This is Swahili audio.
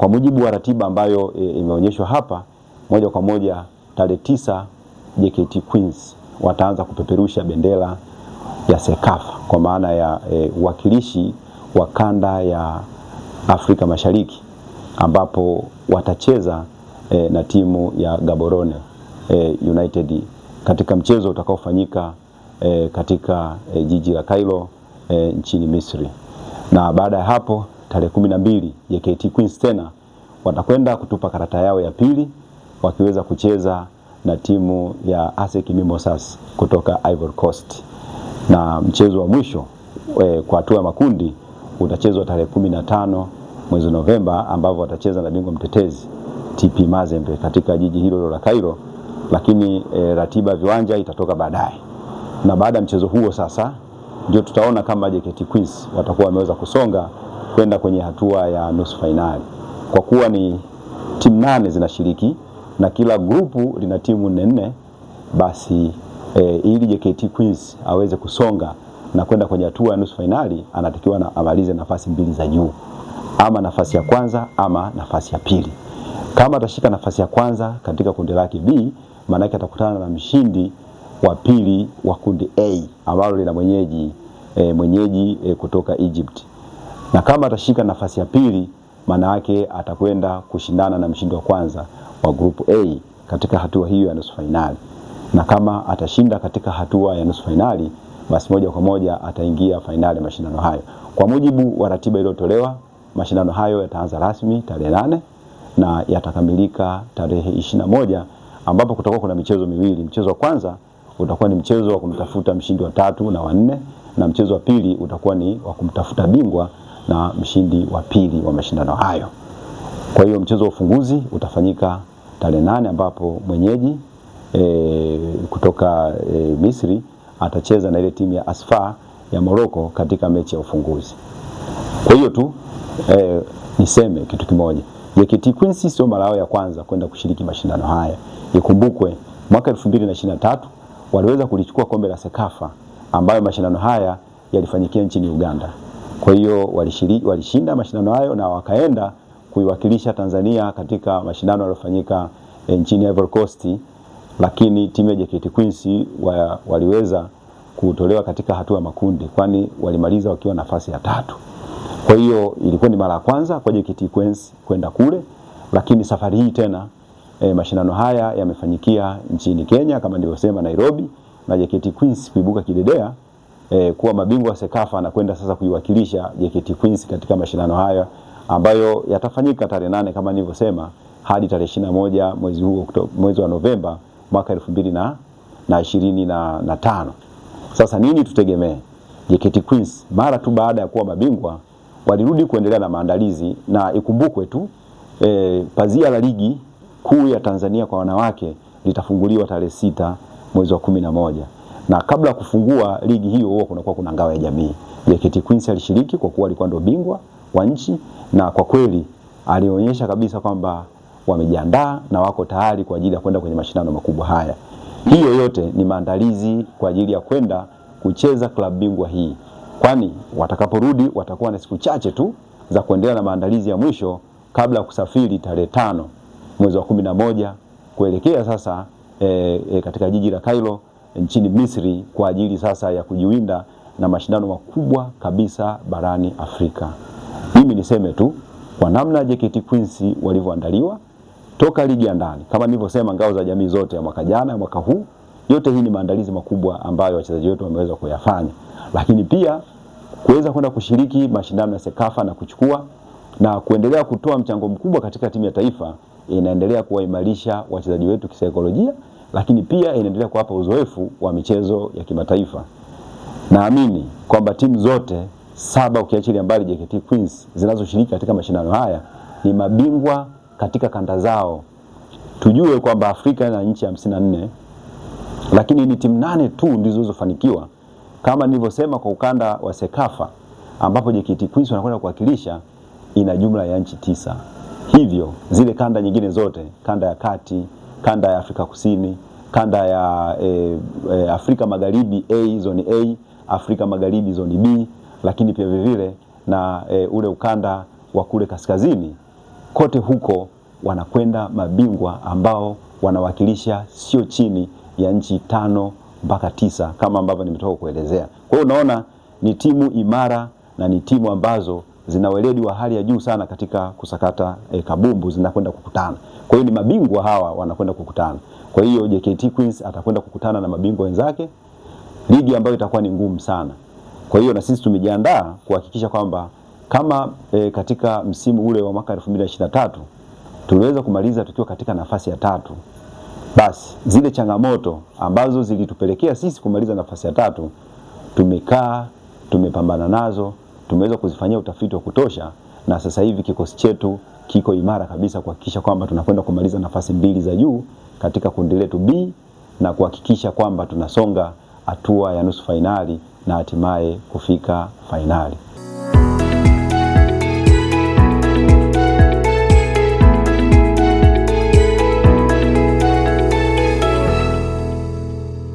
Kwa mujibu wa ratiba ambayo e, imeonyeshwa hapa, moja kwa moja tarehe tisa JKT Queens wataanza kupeperusha bendera ya sekafa kwa maana ya e, uwakilishi wa kanda ya Afrika Mashariki ambapo watacheza e, na timu ya Gaborone e, United katika mchezo utakaofanyika e, katika e, jiji la Cairo e, nchini Misri na baada ya hapo tarehe kumi na mbili JKT Queens tena watakwenda kutupa karata yao ya pili wakiweza kucheza na timu ya ASEC Mimosas kutoka Ivory Coast, na mchezo wa mwisho e, kwa hatua ya makundi utachezwa tarehe kumi na tano mwezi Novemba, ambapo watacheza na bingwa mtetezi TP Mazembe katika jiji hilo la Cairo, lakini e, ratiba ya viwanja itatoka baadaye, na baada ya mchezo huo sasa ndio tutaona kama JKT Queens watakuwa wameweza kusonga kwenda kwenye hatua ya nusu fainali, kwa kuwa ni timu nane zinashiriki na kila grupu lina timu nne nne, basi e, ili JKT Queens aweze kusonga na kwenda kwenye hatua ya nusu fainali anatakiwa na amalize nafasi mbili za juu, ama nafasi ya kwanza ama nafasi ya pili. Kama atashika nafasi ya kwanza katika kundi lake B, maana atakutana na mshindi wa pili wa kundi A ambalo lina mwenyeji e, mwenyeji e, kutoka Egypt na kama atashika nafasi ya pili, maana yake atakwenda kushindana na mshindi wa kwanza wa grupu A katika hatua hiyo ya nusu fainali, na kama atashinda katika hatua ya nusu fainali, basi moja kwa moja ataingia fainali mashindano hayo. Kwa mujibu wa ratiba iliyotolewa, mashindano hayo yataanza rasmi tarehe nane na yatakamilika tarehe ishirini na moja ambapo kutakuwa kuna michezo miwili. Mchezo wa kwanza utakuwa ni mchezo wa kumtafuta mshindi wa tatu na wa nne, na mchezo wa pili utakuwa ni wa kumtafuta bingwa na mshindi wa pili wa mashindano hayo. Kwa hiyo mchezo wa ufunguzi utafanyika tarehe nane ambapo mwenyeji e, kutoka e, Misri atacheza na ile timu ya Asfa ya Morocco katika mechi ya ufunguzi. Kwa hiyo tu e, niseme kitu kimoja. JKT Queens sio mara yao ya kwanza kwenda kushiriki mashindano haya. Ikumbukwe mwaka 2023 waliweza kulichukua kombe la Sekafa ambayo mashindano haya yalifanyikia nchini Uganda. Kwa hiyo walishinda mashindano hayo na wakaenda kuiwakilisha Tanzania katika mashindano yaliyofanyika e, nchini Ivory Coast, lakini timu ya JKT Queens wa, waliweza kutolewa katika hatua ya makundi, kwani walimaliza wakiwa nafasi ya tatu. Kwa hiyo ilikuwa ni mara ya kwanza kwa JKT Queens kwenda kule, lakini safari hii tena e, mashindano haya yamefanyikia nchini Kenya kama nilivyosema Nairobi, na JKT Queens kuibuka kidedea eh, kuwa mabingwa Sekafa na kwenda sasa kuiwakilisha JKT Queens katika mashindano haya ambayo yatafanyika tarehe nane kama nilivyosema hadi tarehe ishirini na moja mwezi huu mwezi wa Novemba mwaka elfu mbili na, na ishirini na, na tano. Sasa nini tutegemee? JKT Queens mara tu baada ya kuwa mabingwa walirudi kuendelea na maandalizi, na ikumbukwe tu e, pazia la ligi kuu ya Tanzania kwa wanawake litafunguliwa tarehe sita mwezi wa kumi na moja na kabla ya kufungua ligi hiyo huwa kunakuwa kuna ngao ya jamii. JKT Queens alishiriki kwa kuwa alikuwa ndo bingwa wa nchi, na kwa kweli alionyesha kabisa kwamba wamejiandaa na wako tayari kwa ajili ya kwenda kwenye mashindano makubwa haya. Hiyo yote ni maandalizi kwa ajili ya kwenda kucheza klabu bingwa hii, kwani watakaporudi watakuwa na siku chache tu za kuendelea na maandalizi ya mwisho kabla ya kusafiri tarehe tano mwezi wa kumi na moja kuelekea sasa e, e, katika jiji la Cairo nchini Misri kwa ajili sasa ya kujiwinda na mashindano makubwa kabisa barani Afrika. Mimi niseme tu kwa namna JKT Queens walivyoandaliwa toka ligi ya ndani, kama nilivyosema, ngao za jamii zote ya mwaka jana ya mwaka huu, yote hii ni maandalizi makubwa ambayo wachezaji wetu wameweza kuyafanya, lakini pia kuweza kwenda kushiriki mashindano ya Sekafa na kuchukua na kuendelea kutoa mchango mkubwa katika timu ya taifa, inaendelea kuwaimarisha wachezaji wetu kisaikolojia lakini pia inaendelea kuwapa uzoefu wa michezo ya kimataifa. Naamini kwamba timu zote saba ukiachilia mbali JKT Queens zinazoshiriki katika mashindano haya ni mabingwa katika kanda zao. Tujue kwamba Afrika ina nchi hamsini na nne lakini ni timu nane tu ndizo zilizofanikiwa, kama nilivyosema, kwa ukanda wa Sekafa ambapo JKT Queens wanakwenda kuwakilisha ina jumla ya nchi tisa. Hivyo zile kanda nyingine zote, kanda ya kati kanda ya Afrika Kusini, kanda ya e, e, Afrika Magharibi A zone A, Afrika Magharibi zoni B, lakini pia vilevile na e, ule ukanda wa kule kaskazini, kote huko wanakwenda mabingwa ambao wanawakilisha sio chini ya nchi tano mpaka tisa kama ambavyo nimetoka kuelezea. Kwa hiyo unaona ni timu imara na ni timu ambazo zina weledi wa hali ya juu sana katika kusakata e, kabumbu zinakwenda kukutana. Kwa hiyo ni mabingwa hawa wanakwenda kukutana. Kwa hiyo JKT Queens atakwenda kukutana na mabingwa wenzake, ligi ambayo itakuwa ni ngumu sana. Kwa hiyo na sisi tumejiandaa kuhakikisha kwamba kama e, katika msimu ule wa mwaka 2023 tuliweza kumaliza tukiwa katika nafasi ya tatu, basi zile changamoto ambazo zilitupelekea sisi kumaliza nafasi ya tatu tumekaa, tumepambana nazo, tumeweza kuzifanyia utafiti wa kutosha na sasa hivi kikosi chetu kiko imara kabisa kuhakikisha kwamba tunakwenda kumaliza nafasi mbili za juu katika kundi letu B na kuhakikisha kwamba tunasonga hatua ya nusu fainali na hatimaye kufika fainali.